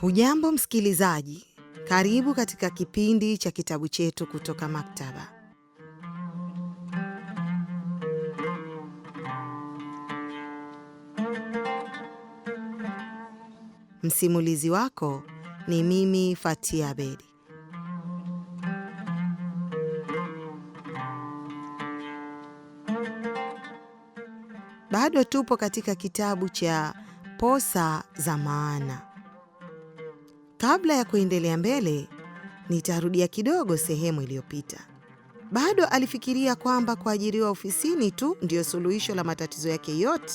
Hujambo msikilizaji, karibu katika kipindi cha kitabu chetu kutoka maktaba. Msimulizi wako ni mimi Fatia Bedi. Bado tupo katika kitabu cha Posa za Maana. Kabla ya kuendelea mbele, nitarudia kidogo sehemu iliyopita. Bado alifikiria kwamba kuajiriwa ofisini tu ndiyo suluhisho la matatizo yake yote,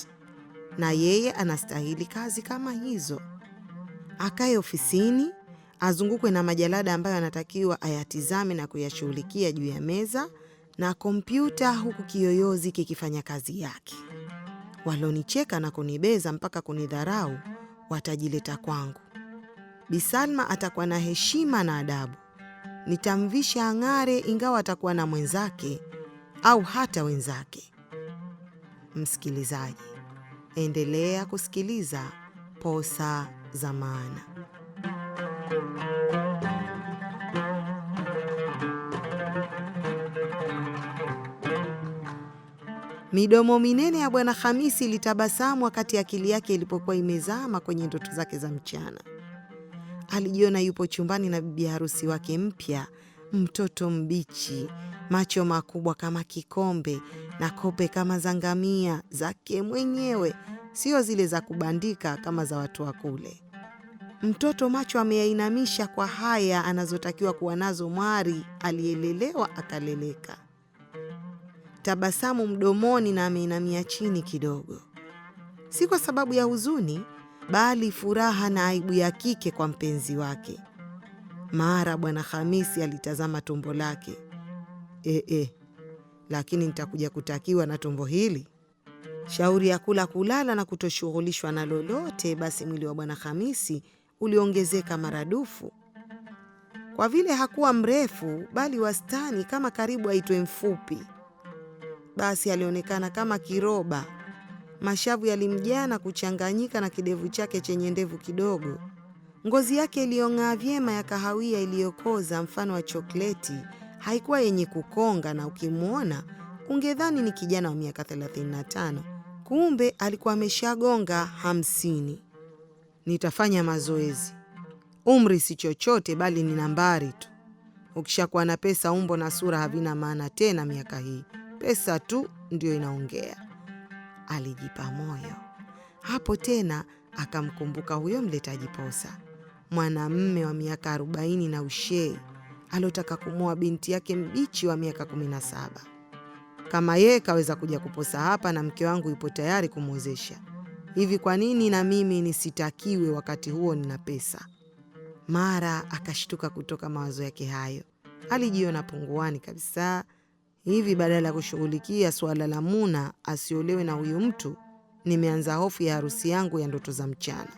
na yeye anastahili kazi kama hizo, akae ofisini azungukwe na majalada ambayo anatakiwa ayatizame na kuyashughulikia juu ya meza na kompyuta, huku kiyoyozi kikifanya kazi yake. Walonicheka na kunibeza mpaka kunidharau watajileta kwangu, Bi Salma atakuwa na heshima na adabu, nitamvisha ang'are, ingawa atakuwa na mwenzake au hata wenzake. Msikilizaji, endelea kusikiliza Posa za Maana. Midomo minene ya Bwana Hamisi ilitabasamu wakati akili yake ilipokuwa imezama kwenye ndoto zake za mchana alijiona yupo chumbani na bibi harusi wake mpya, mtoto mbichi, macho makubwa kama kikombe na kope kama za ngamia zake mwenyewe, sio zile za kubandika kama za watu wa kule. Mtoto macho ameyainamisha kwa haya anazotakiwa kuwa nazo mwari aliyelelewa akaleleka, tabasamu mdomoni na ameinamia chini kidogo, si kwa sababu ya huzuni, bali furaha na aibu ya kike kwa mpenzi wake. Mara bwana Hamisi alitazama tumbo lake. E, e, lakini nitakuja kutakiwa na tumbo hili. Shauri ya kula kulala na kutoshughulishwa na lolote, basi mwili wa bwana Hamisi uliongezeka maradufu. Kwa vile hakuwa mrefu bali wastani, kama karibu aitwe mfupi, basi alionekana kama kiroba Mashavu yalimjaa na kuchanganyika na kidevu chake chenye ndevu kidogo. Ngozi yake iliyong'aa vyema ya kahawia iliyokoza mfano wa chokleti haikuwa yenye kukonga, na ukimwona ungedhani ni kijana wa miaka 35 kumbe alikuwa ameshagonga hamsini. Nitafanya mazoezi. Umri si chochote, bali ni nambari tu. Ukishakuwa na pesa, umbo na sura havina maana tena miaka hii. Pesa tu ndiyo inaongea alijipa moyo. Hapo tena akamkumbuka huyo mletaji posa, mwanamme wa miaka arobaini na ushei aliotaka kumoa binti yake mbichi wa miaka kumi na saba. Kama yeye kaweza kuja kuposa hapa na mke wangu yupo tayari kumwezesha, hivi kwa nini na mimi nisitakiwe wakati huo nina pesa? Mara akashtuka kutoka mawazo yake hayo, alijiona punguani kabisa Hivi badala ya kushughulikia suala la Muna asiolewe na huyu mtu, nimeanza hofu ya harusi yangu ya ndoto za mchana.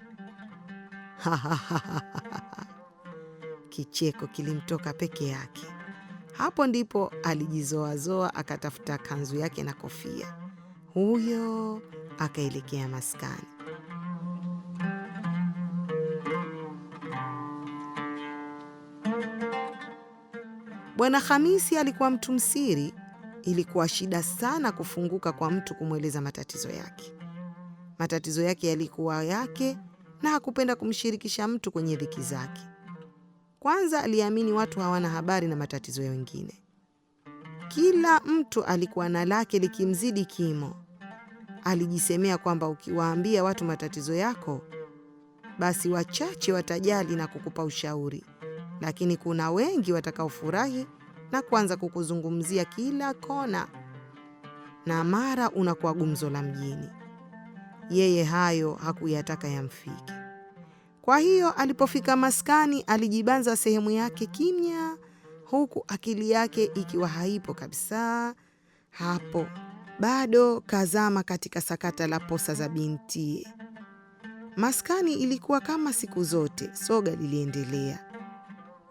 Kicheko kilimtoka peke yake. Hapo ndipo alijizoazoa akatafuta kanzu yake na kofia, huyo akaelekea maskani. Bwana Hamisi alikuwa mtu msiri. Ilikuwa shida sana kufunguka kwa mtu kumweleza matatizo yake. Matatizo yake yalikuwa yake na hakupenda kumshirikisha mtu kwenye dhiki zake. Kwanza aliamini watu hawana habari na matatizo ya wengine. Kila mtu alikuwa na lake likimzidi kimo. Alijisemea kwamba ukiwaambia watu matatizo yako, basi wachache watajali na kukupa ushauri, lakini kuna wengi watakaofurahi na kuanza kukuzungumzia kila kona, na mara unakuwa gumzo la mjini. Yeye hayo hakuyataka yamfike. Kwa hiyo alipofika maskani, alijibanza sehemu yake kimya, huku akili yake ikiwa haipo kabisa hapo, bado kazama katika sakata la posa za bintie. Maskani ilikuwa kama siku zote, soga liliendelea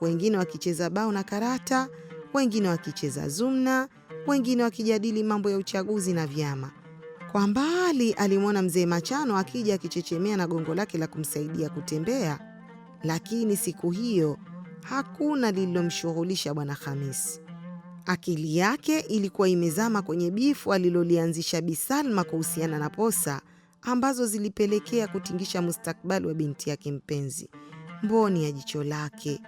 wengine wakicheza bao na karata, wengine wakicheza zumna, wengine wakijadili mambo ya uchaguzi na vyama. Kwa mbali alimwona mzee Machano akija akichechemea na gongo lake la kumsaidia kutembea, lakini siku hiyo hakuna lililomshughulisha Bwana khamis Akili yake ilikuwa imezama kwenye bifu alilolianzisha Bi Salma kuhusiana na posa ambazo zilipelekea kutingisha mustakbali wa binti yake mpenzi, mboni ya jicho lake,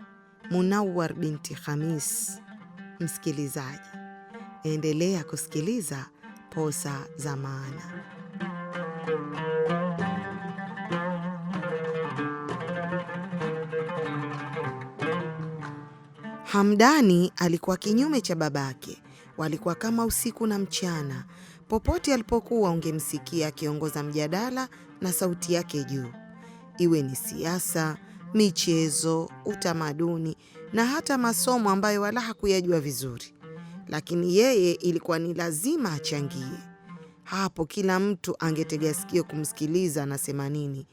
Munawar binti Khamis. Msikilizaji, endelea kusikiliza Posa za Maana. Hamdani alikuwa kinyume cha babake, walikuwa kama usiku na mchana. Popote alipokuwa ungemsikia akiongoza mjadala na sauti yake juu, iwe ni siasa, michezo, utamaduni na hata masomo ambayo wala hakuyajua vizuri, lakini yeye ilikuwa ni lazima achangie. Hapo kila mtu angetega sikio kumsikiliza anasema nini,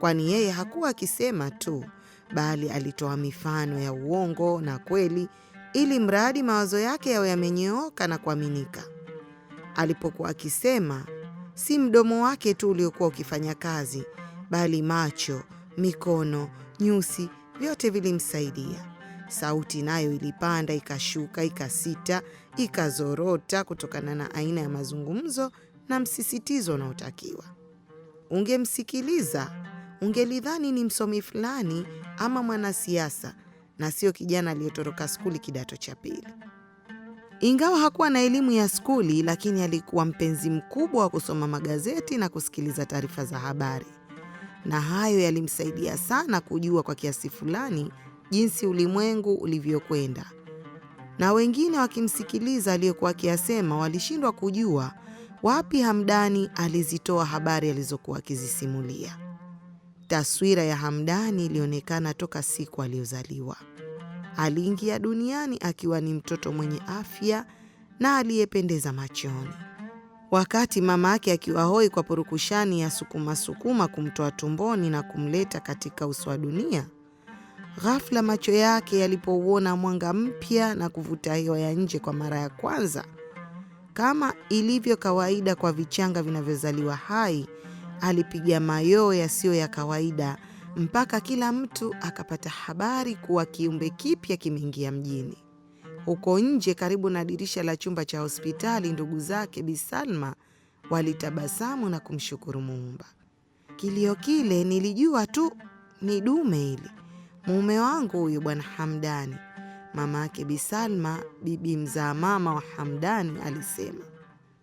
kwani yeye hakuwa akisema tu, bali alitoa mifano ya uongo na kweli, ili mradi mawazo yake yawe yamenyooka na kuaminika. Alipokuwa akisema, si mdomo wake tu uliokuwa ukifanya kazi, bali macho, mikono nyusi, vyote vilimsaidia. Sauti nayo ilipanda ikashuka, ikasita, ikazorota kutokana na aina ya mazungumzo na msisitizo unaotakiwa. Ungemsikiliza ungelidhani ni msomi fulani ama mwanasiasa na sio kijana aliyetoroka skuli kidato cha pili. Ingawa hakuwa na elimu ya skuli, lakini alikuwa mpenzi mkubwa wa kusoma magazeti na kusikiliza taarifa za habari na hayo yalimsaidia sana kujua kwa kiasi fulani jinsi ulimwengu ulivyokwenda, na wengine wakimsikiliza aliyokuwa akiyasema walishindwa kujua wapi Hamdani alizitoa habari alizokuwa akizisimulia. Taswira ya Hamdani ilionekana toka siku aliyozaliwa. Aliingia duniani akiwa ni mtoto mwenye afya na aliyependeza machoni wakati mama yake akiwa hoi kwa purukushani ya sukumasukuma kumtoa tumboni na kumleta katika uso wa dunia. Ghafla macho yake yalipouona mwanga mpya na kuvuta hewa ya nje kwa mara ya kwanza, kama ilivyo kawaida kwa vichanga vinavyozaliwa hai, alipiga mayoo yasiyo ya kawaida mpaka kila mtu akapata habari kuwa kiumbe kipya kimeingia mjini. Huko nje karibu na dirisha la chumba cha hospitali, ndugu zake Bi Salma walitabasamu na kumshukuru Muumba. Kilio kile nilijua tu ni dume ili mume wangu huyu Bwana Hamdani, mama yake Bi Salma, bibi mzaa mama wa Hamdani, alisema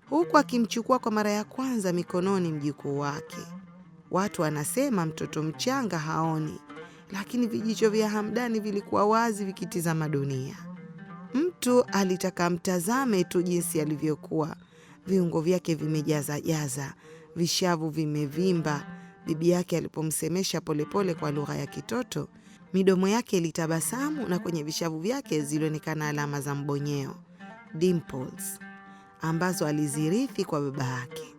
huku akimchukua kwa mara ya kwanza mikononi mjukuu wake. Watu wanasema mtoto mchanga haoni, lakini vijicho vya Hamdani vilikuwa wazi vikitizama dunia mtu alitaka mtazame tu jinsi alivyokuwa. Viungo vyake vimejazajaza, vishavu vimevimba. Bibi yake alipomsemesha polepole kwa lugha ya kitoto, midomo yake ilitabasamu na kwenye vishavu vyake zilionekana alama za mbonyeo dimples, ambazo alizirithi kwa baba yake.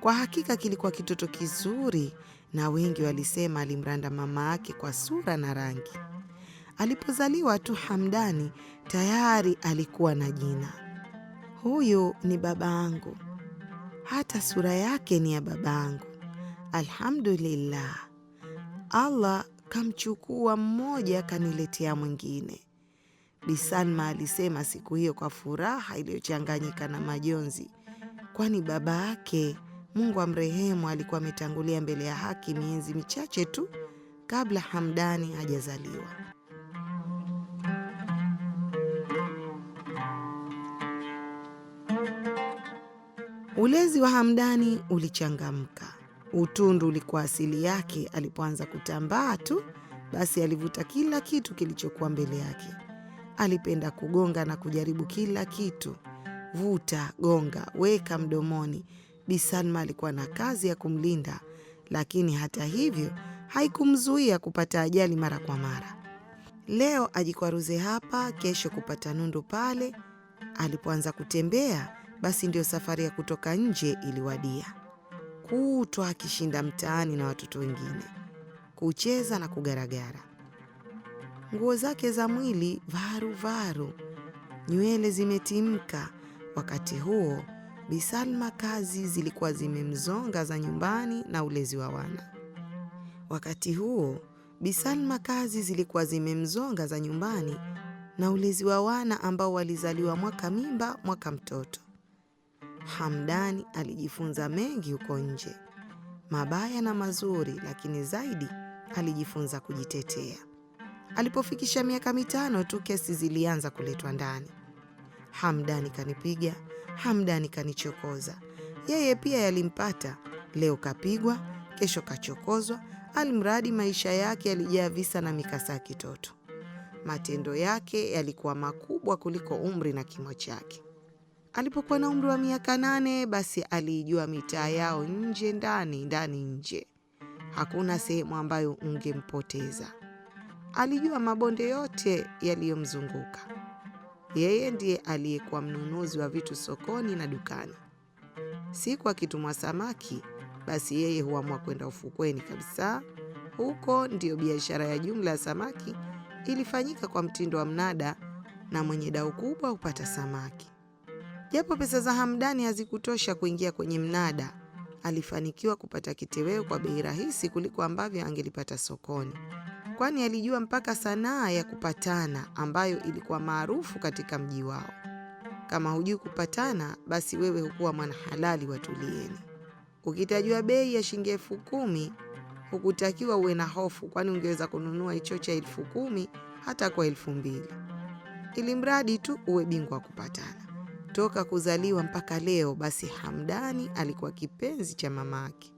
Kwa hakika kilikuwa kitoto kizuri, na wengi walisema alimranda mama yake kwa sura na rangi. Alipozaliwa tu Hamdani tayari alikuwa na jina, huyu ni angu. hata sura yake ni ya angu. Alhamdulillah, Allah kamchukua mmoja kaniletea mwingine. Bisalma alisema siku hiyo kwa furaha iliyochanganyika na majonzi, kwani baba yake Mungu amrehemu alikuwa ametangulia mbele ya haki miezi michache tu kabla Hamdani hajazaliwa. Ulezi wa Hamdani ulichangamka. Utundu ulikuwa asili yake. Alipoanza kutambaa tu, basi alivuta kila kitu kilichokuwa mbele yake. Alipenda kugonga na kujaribu kila kitu, vuta, gonga, weka mdomoni. Bi Salma alikuwa na kazi ya kumlinda, lakini hata hivyo haikumzuia kupata ajali mara kwa mara. Leo ajikwaruze hapa, kesho kupata nundu pale. Alipoanza kutembea basi ndiyo safari ya kutoka nje iliwadia. Kutwa akishinda mtaani na watoto wengine, kucheza na kugaragara. Nguo zake za mwili varuvaru, nywele zimetimka. Wakati huo bisalma kazi zilikuwa zimemzonga za nyumbani na ulezi wa wana. Wakati huo bisalma kazi zilikuwa zimemzonga za nyumbani na ulezi wa wana ambao walizaliwa mwaka mimba mwaka mtoto. Hamdani alijifunza mengi huko nje, mabaya na mazuri, lakini zaidi alijifunza kujitetea. Alipofikisha miaka mitano tu, kesi zilianza kuletwa ndani. Hamdani kanipiga, Hamdani kanichokoza. Yeye pia yalimpata, leo kapigwa, kesho kachokozwa. Alimradi maisha yake yalijaa visa na mikasa ya kitoto. Matendo yake yalikuwa makubwa kuliko umri na kimo chake. Alipokuwa na umri wa miaka nane, basi aliijua mitaa yao nje ndani, ndani nje. Hakuna sehemu ambayo ungempoteza. Alijua mabonde yote yaliyomzunguka. Yeye ndiye aliyekuwa mnunuzi wa vitu sokoni na dukani. Siku akitumwa samaki, basi yeye huamua kwenda ufukweni kabisa. Huko ndiyo biashara ya jumla ya samaki ilifanyika kwa mtindo wa mnada, na mwenye dau kubwa hupata samaki. Japo pesa za Hamdani hazikutosha kuingia kwenye mnada, alifanikiwa kupata kitoweo kwa bei rahisi kuliko ambavyo angelipata sokoni, kwani alijua mpaka sanaa ya kupatana ambayo ilikuwa maarufu katika mji wao. Kama hujui kupatana, basi wewe hukuwa mwanahalali wa Tulieni. Ukitajua bei ya shilingi elfu kumi hukutakiwa uwe na hofu, kwani ungeweza kununua hicho cha elfu kumi hata kwa elfu mbili ili mradi tu uwe bingwa wa kupatana. Toka kuzaliwa mpaka leo, basi Hamdani alikuwa kipenzi cha mamake,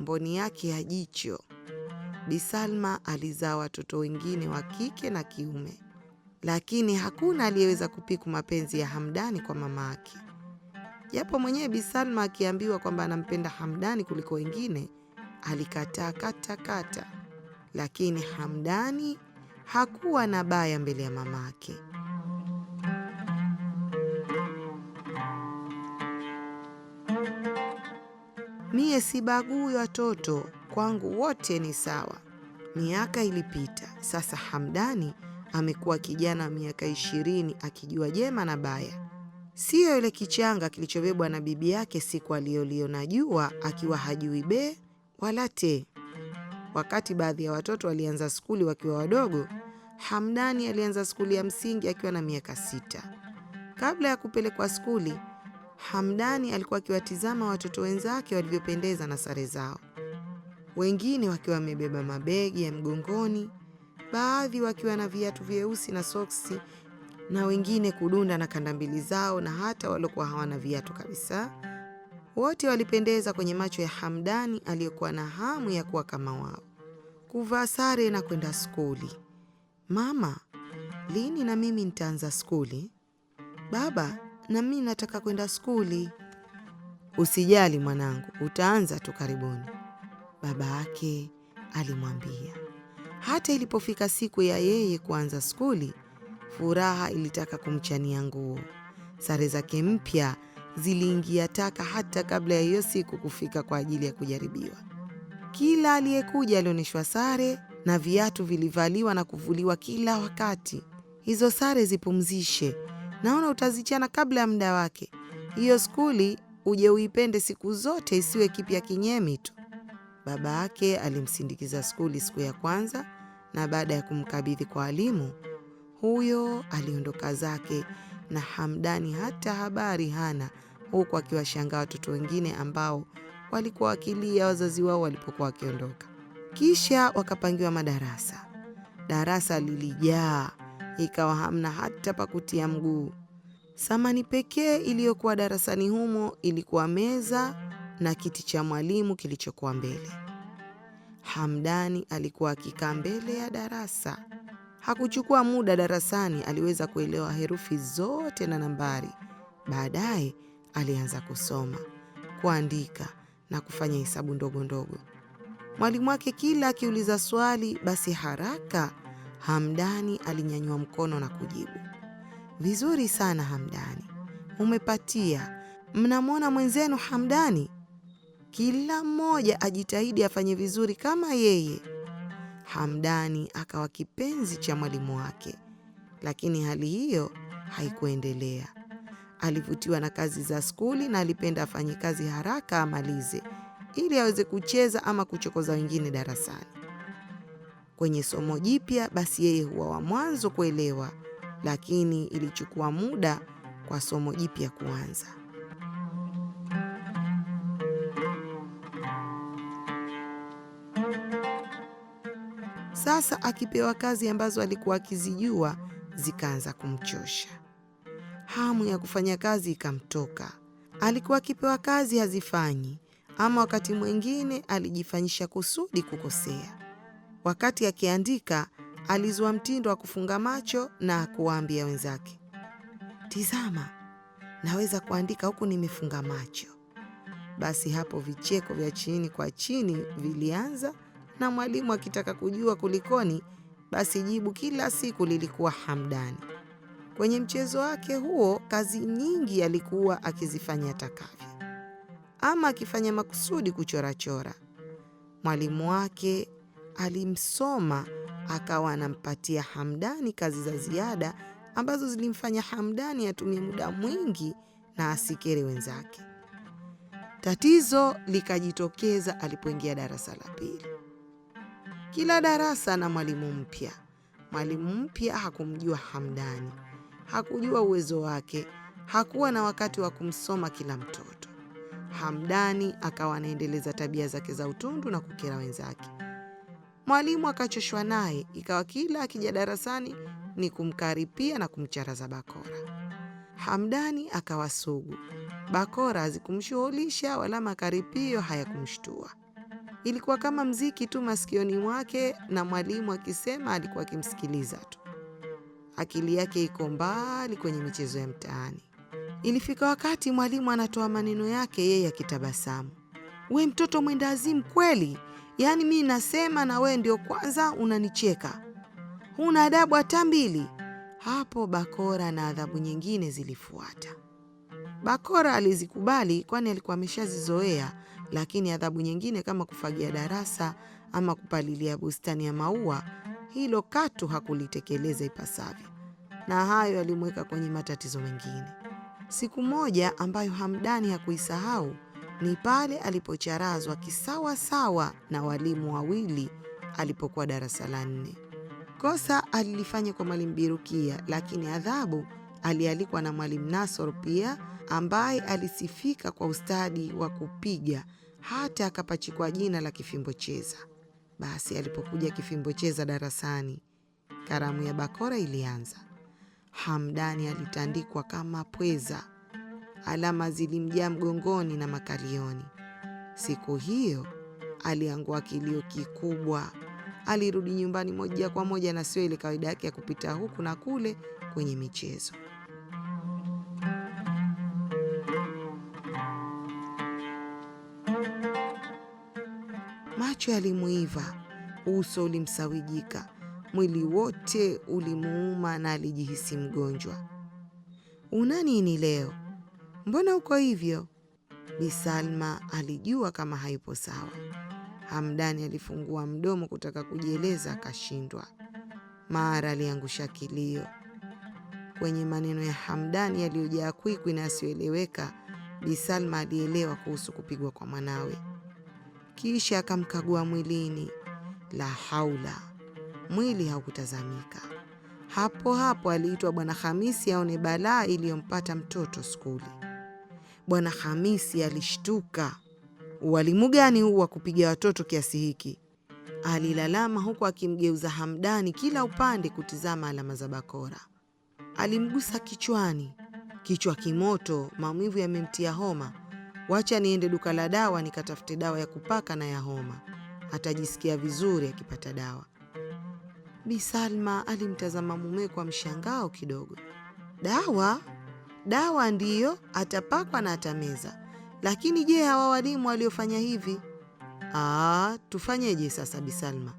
mboni yake ya jicho. Bi Salma alizaa watoto wengine wa kike na kiume, lakini hakuna aliyeweza kupiku mapenzi ya Hamdani kwa mamake, japo mwenyewe Bi Salma akiambiwa kwamba anampenda Hamdani kuliko wengine alikataa kata kata, lakini Hamdani hakuwa na baya mbele ya mamake. Mie sibagui watoto, kwangu wote ni sawa. Miaka ilipita. Sasa Hamdani amekuwa kijana miaka ishirini, akijua jema na baya, siyo ile kichanga kilichobebwa na bibi yake siku aliyoliona jua akiwa hajui be wala te. Wakati baadhi ya watoto walianza skuli wakiwa wadogo, Hamdani alianza skuli ya msingi akiwa na miaka sita. Kabla ya kupelekwa skuli Hamdani alikuwa akiwatizama watoto wenzake walivyopendeza na sare zao, wengine wakiwa wamebeba mabegi ya mgongoni, baadhi wakiwa na viatu vyeusi na soksi, na wengine kudunda na kandambili zao, na hata waliokuwa hawana viatu kabisa. Wote walipendeza kwenye macho ya Hamdani aliyekuwa na hamu ya kuwa kama wao, kuvaa sare na kwenda skuli. Mama, lini na mimi nitaanza skuli? Baba, na mi nataka kwenda skuli. Usijali mwanangu, utaanza tu karibuni, baba yake alimwambia. Hata ilipofika siku ya yeye kuanza skuli, furaha ilitaka kumchania nguo. Sare zake mpya ziliingia taka hata kabla ya hiyo siku kufika kwa ajili ya kujaribiwa. Kila aliyekuja alionyeshwa sare na viatu vilivaliwa na kuvuliwa kila wakati. Hizo sare zipumzishe Naona utazichana kabla ya muda wake. Hiyo skuli uje uipende siku zote, isiwe kipya kinyemi tu. Baba yake alimsindikiza skuli siku ya kwanza, na baada ya kumkabidhi kwa alimu huyo aliondoka zake, na Hamdani hata habari hana, huku akiwashangaa watoto wengine ambao walikuwa wakilia wazazi wao walipokuwa wakiondoka. Kisha wakapangiwa madarasa. Darasa lilijaa ikawa hamna hata pa kutia mguu. Samani pekee iliyokuwa darasani humo ilikuwa meza na kiti cha mwalimu kilichokuwa mbele. Hamdani alikuwa akikaa mbele ya darasa. Hakuchukua muda darasani, aliweza kuelewa herufi zote na nambari. Baadaye alianza kusoma, kuandika na kufanya hesabu ndogo ndogo. Mwalimu wake kila akiuliza swali, basi haraka Hamdani alinyanyua mkono na kujibu, vizuri sana Hamdani, umepatia. Mnamwona mwenzenu Hamdani? Kila mmoja ajitahidi afanye vizuri kama yeye. Hamdani akawa kipenzi cha mwalimu wake, lakini hali hiyo haikuendelea. Alivutiwa na kazi za skuli na alipenda afanye kazi haraka amalize, ili aweze kucheza ama kuchokoza wengine darasani. Kwenye somo jipya, basi yeye huwa wa mwanzo kuelewa, lakini ilichukua muda kwa somo jipya kuanza. Sasa akipewa kazi ambazo alikuwa akizijua zikaanza kumchosha, hamu ya kufanya kazi ikamtoka. Alikuwa akipewa kazi hazifanyi, ama wakati mwingine alijifanyisha kusudi kukosea. Wakati akiandika alizua mtindo wa kufunga macho na kuwaambia wenzake, tizama, naweza kuandika huku nimefunga macho. Basi hapo vicheko vya chini kwa chini vilianza, na mwalimu akitaka kujua kulikoni, basi jibu kila siku lilikuwa Hamdani. Kwenye mchezo wake huo, kazi nyingi alikuwa akizifanya atakavyo, ama akifanya makusudi kuchorachora. Mwalimu wake alimsoma akawa anampatia Hamdani kazi za ziada ambazo zilimfanya Hamdani atumie muda mwingi na asikere wenzake. Tatizo likajitokeza alipoingia darasa la pili. Kila darasa na mwalimu mpya. Mwalimu mpya hakumjua Hamdani, hakujua uwezo wake, hakuwa na wakati wa kumsoma kila mtoto. Hamdani akawa anaendeleza tabia zake za utundu na kukera wenzake. Mwalimu akachoshwa naye, ikawa kila akija darasani ni kumkaripia na kumcharaza bakora. Hamdani akawa sugu, bakora hazikumshughulisha wala makaripio hayakumshtua. Ilikuwa kama mziki tu masikioni mwake, na mwalimu akisema alikuwa akimsikiliza tu. Akili yake iko mbali kwenye michezo ya mtaani. Ilifika wakati mwalimu anatoa maneno yake, yeye akitabasamu, we mtoto mwenda azimu kweli, Yaani mi nasema na wewe ndio kwanza unanicheka, huna adabu hata mbili. Hapo bakora na adhabu nyingine zilifuata. Bakora alizikubali kwani alikuwa ameshazizoea, lakini adhabu nyingine kama kufagia darasa ama kupalilia bustani ya maua, hilo katu hakulitekeleza ipasavyo, na hayo yalimweka kwenye matatizo mengine. Siku moja ambayo Hamdani hakuisahau ni pale alipocharazwa kisawasawa na walimu wawili alipokuwa darasa la nne. Kosa alilifanya kwa mwalimu Birukia, lakini adhabu alialikwa na mwalimu Nasor pia, ambaye alisifika kwa ustadi wa kupiga hata akapachikwa jina la kifimbo cheza Basi alipokuja kifimbo cheza darasani, karamu ya bakora ilianza. Hamdani alitandikwa kama pweza alama zilimjaa mgongoni na makalioni. Siku hiyo aliangua kilio kikubwa. Alirudi nyumbani moja kwa moja na sio ile kawaida yake ya kupita huku na kule kwenye michezo. Macho yalimuiva, uso ulimsawijika, mwili wote ulimuuma na alijihisi mgonjwa. Una nini leo? mbona uko hivyo? Bi Salma alijua kama haipo sawa. Hamdani alifungua mdomo kutaka kujieleza akashindwa. Mara aliangusha kilio. Kwenye maneno ya Hamdani yaliyojaa kwikwi na yasiyoeleweka, Bi Salma alielewa kuhusu kupigwa kwa mwanawe, kisha akamkagua mwilini. La haula, mwili haukutazamika. Hapo hapo aliitwa Bwana Hamisi aone balaa iliyompata mtoto skuli. Bwana Hamisi alishtuka. Ualimu gani huu wa kupiga watoto kiasi hiki? Alilalama huku akimgeuza Hamdani kila upande kutizama alama za bakora. Alimgusa kichwani, kichwa kimoto, maumivu yamemtia homa. Wacha niende duka la dawa nikatafute dawa ya kupaka na ya homa, atajisikia vizuri akipata dawa. Bi Salma alimtazama mume kwa mshangao kidogo. Dawa? Dawa ndiyo atapakwa na atameza, lakini je, hawa walimu waliofanya hivi? Aa, tufanyeje sasa Bisalma?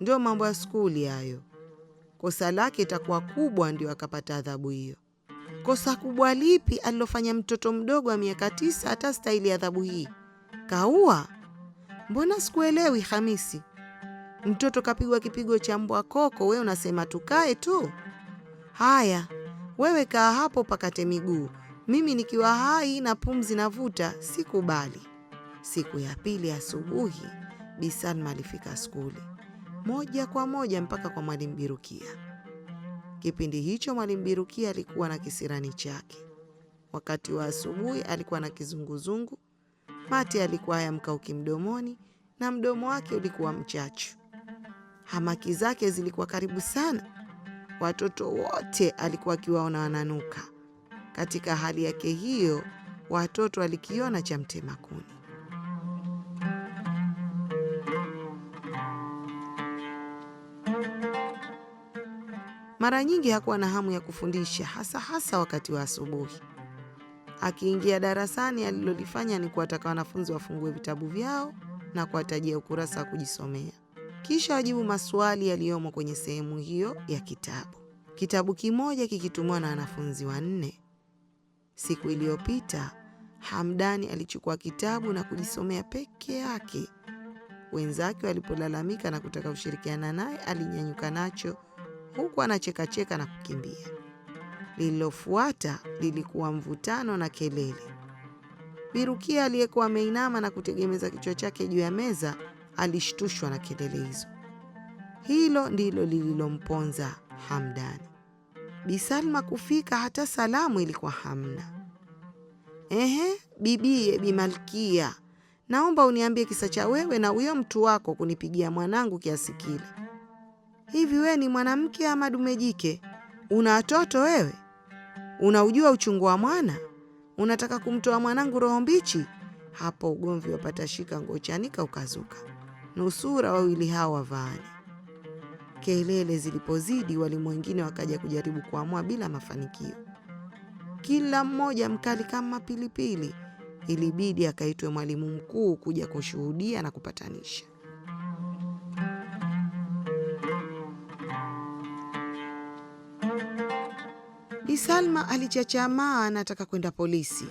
Ndio mambo ya skuli hayo. Kosa lake itakuwa kubwa, ndio akapata adhabu hiyo. Kosa kubwa lipi alilofanya mtoto mdogo wa miaka tisa hata stahili adhabu hii? Kaua? Mbona sikuelewi Hamisi? Mtoto kapigwa kipigo cha mbwa koko, we unasema tukae tu? Haya, wewe kaa hapo pakate miguu, mimi nikiwa hai na pumzi navuta, sikubali. Siku ya pili asubuhi, Bi Salma alifika skuli moja kwa moja mpaka kwa mwalimu Birukia. Kipindi hicho mwalimu Birukia alikuwa na kisirani chake. Wakati wa asubuhi alikuwa na kizunguzungu, mate alikuwa hayamkauki mdomoni na mdomo wake ulikuwa mchachu. Hamaki zake zilikuwa karibu sana watoto wote alikuwa akiwaona wananuka. Katika hali yake hiyo, watoto alikiona cha mtema kuni. Mara nyingi hakuwa na hamu ya kufundisha, hasa hasa wakati wa asubuhi. Akiingia darasani, alilolifanya ni kuwataka wanafunzi wafungue vitabu vyao na kuwatajia ukurasa wa kujisomea kisha wajibu maswali yaliyomo kwenye sehemu hiyo ya kitabu. Kitabu kimoja kikitumwa na wanafunzi wanne. Siku iliyopita Hamdani alichukua kitabu na kujisomea peke yake. Wenzake walipolalamika na kutaka kushirikiana naye, alinyanyuka nacho huku anachekacheka na kukimbia. Lililofuata lilikuwa mvutano na kelele. Birukia aliyekuwa ameinama na kutegemeza kichwa chake juu ya meza alishtushwa na kelele hizo. Hilo ndilo lililomponza Hamdani. Bi Salma kufika hata salamu ilikuwa hamna. Ehe, bibie Bi Malkia, naomba uniambie kisa cha wewe na huyo mtu wako kunipigia mwanangu kiasi kile. Hivi wewe ni mwanamke ama dume jike? Una watoto wewe? Unaujua uchungu wa mwana? Unataka kumtoa mwanangu roho mbichi? Hapo ugomvi wapatashika ngochanika ukazuka nusura wawili hao wavaani Kelele zilipozidi, walimu wengine wakaja kujaribu kuamua bila mafanikio. Kila mmoja mkali kama pilipili, ilibidi akaitwe mwalimu mkuu kuja kushuhudia na kupatanisha. Bi Salma alichachamaa, anataka kwenda polisi.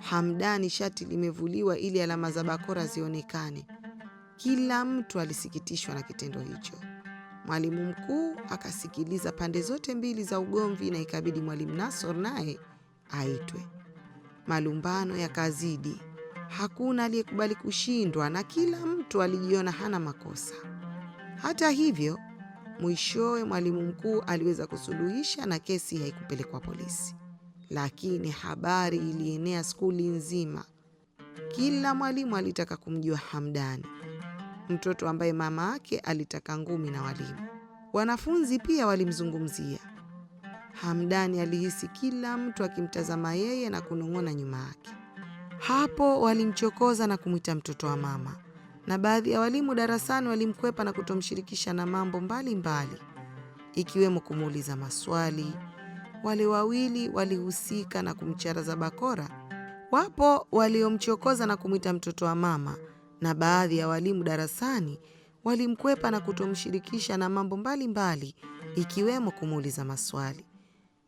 Hamdani shati limevuliwa ili alama za bakora zionekane. Kila mtu alisikitishwa na kitendo hicho. Mwalimu mkuu akasikiliza pande zote mbili za ugomvi na ikabidi mwalimu Nasor naye aitwe. Malumbano yakazidi, hakuna aliyekubali kushindwa na kila mtu alijiona hana makosa. Hata hivyo, mwishowe mwalimu mkuu aliweza kusuluhisha na kesi haikupelekwa polisi, lakini habari ilienea skuli nzima. Kila mwalimu alitaka kumjua Hamdani mtoto ambaye mama yake alitaka ngumi na walimu. Wanafunzi pia walimzungumzia. Hamdani alihisi kila mtu akimtazama yeye na kunong'ona nyuma yake. Hapo walimchokoza na kumwita mtoto wa mama, na baadhi ya walimu darasani walimkwepa na kutomshirikisha na mambo mbalimbali mbali, ikiwemo kumuuliza maswali. Wale wawili walihusika na kumcharaza bakora. Wapo waliomchokoza na kumwita mtoto wa mama na baadhi ya walimu darasani walimkwepa na kutomshirikisha na mambo mbalimbali ikiwemo kumuuliza maswali.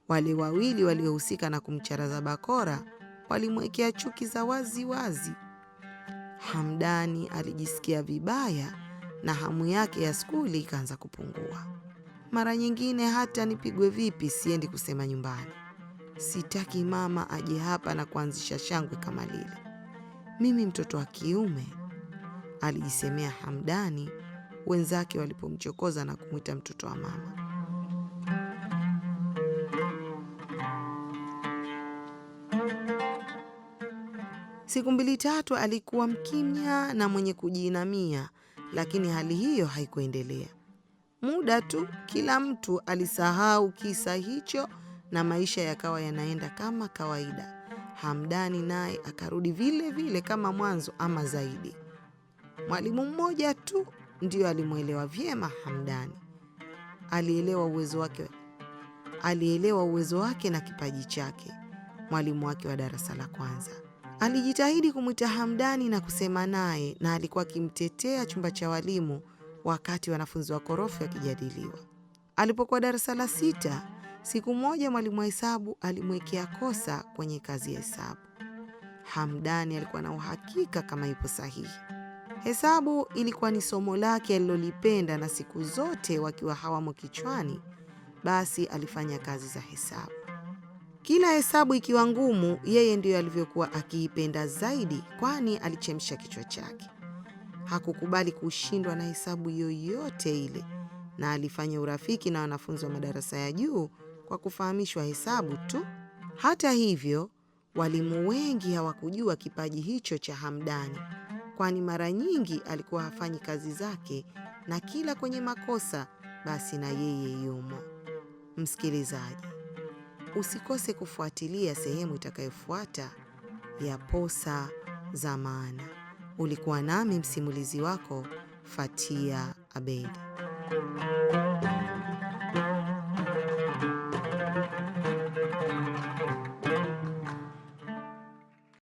Wale wawili waliohusika na kumcharaza bakora walimwekea chuki za wazi wazi. Hamdani alijisikia vibaya na hamu yake ya skuli ikaanza kupungua. Mara nyingine hata nipigwe vipi, siendi kusema nyumbani. Sitaki mama aje hapa na kuanzisha shangwe kama lile. Mimi mtoto wa kiume alijisemea Hamdani wenzake walipomchokoza na kumwita mtoto wa mama. Siku mbili tatu alikuwa mkimya na mwenye kujiinamia, lakini hali hiyo haikuendelea muda tu. Kila mtu alisahau kisa hicho na maisha yakawa yanaenda kama kawaida. Hamdani naye akarudi vile vile kama mwanzo ama zaidi. Mwalimu mmoja tu ndiyo alimwelewa vyema Hamdani. Alielewa uwezo wake, alielewa uwezo wake na kipaji chake. Mwalimu wake wa darasa la kwanza alijitahidi kumwita Hamdani na kusema naye, na alikuwa akimtetea chumba cha walimu wakati wanafunzi wa korofi wakijadiliwa. Alipokuwa darasa la sita, siku moja mwalimu wa hesabu alimwekea kosa kwenye kazi ya hesabu. Hamdani alikuwa na uhakika kama ipo sahihi, Hesabu ilikuwa ni somo lake alilolipenda, na siku zote wakiwa hawamo kichwani, basi alifanya kazi za hesabu. Kila hesabu ikiwa ngumu, yeye ndiyo alivyokuwa akiipenda zaidi, kwani alichemsha kichwa chake. Hakukubali kushindwa na hesabu yoyote ile, na alifanya urafiki na wanafunzi wa madarasa ya juu kwa kufahamishwa hesabu tu. Hata hivyo, walimu wengi hawakujua kipaji hicho cha Hamdani kwani mara nyingi alikuwa hafanyi kazi zake na kila kwenye makosa basi na yeye yumo. Msikilizaji, usikose kufuatilia sehemu itakayofuata ya Posa za Maana. Ulikuwa nami msimulizi wako Fatia Abedi.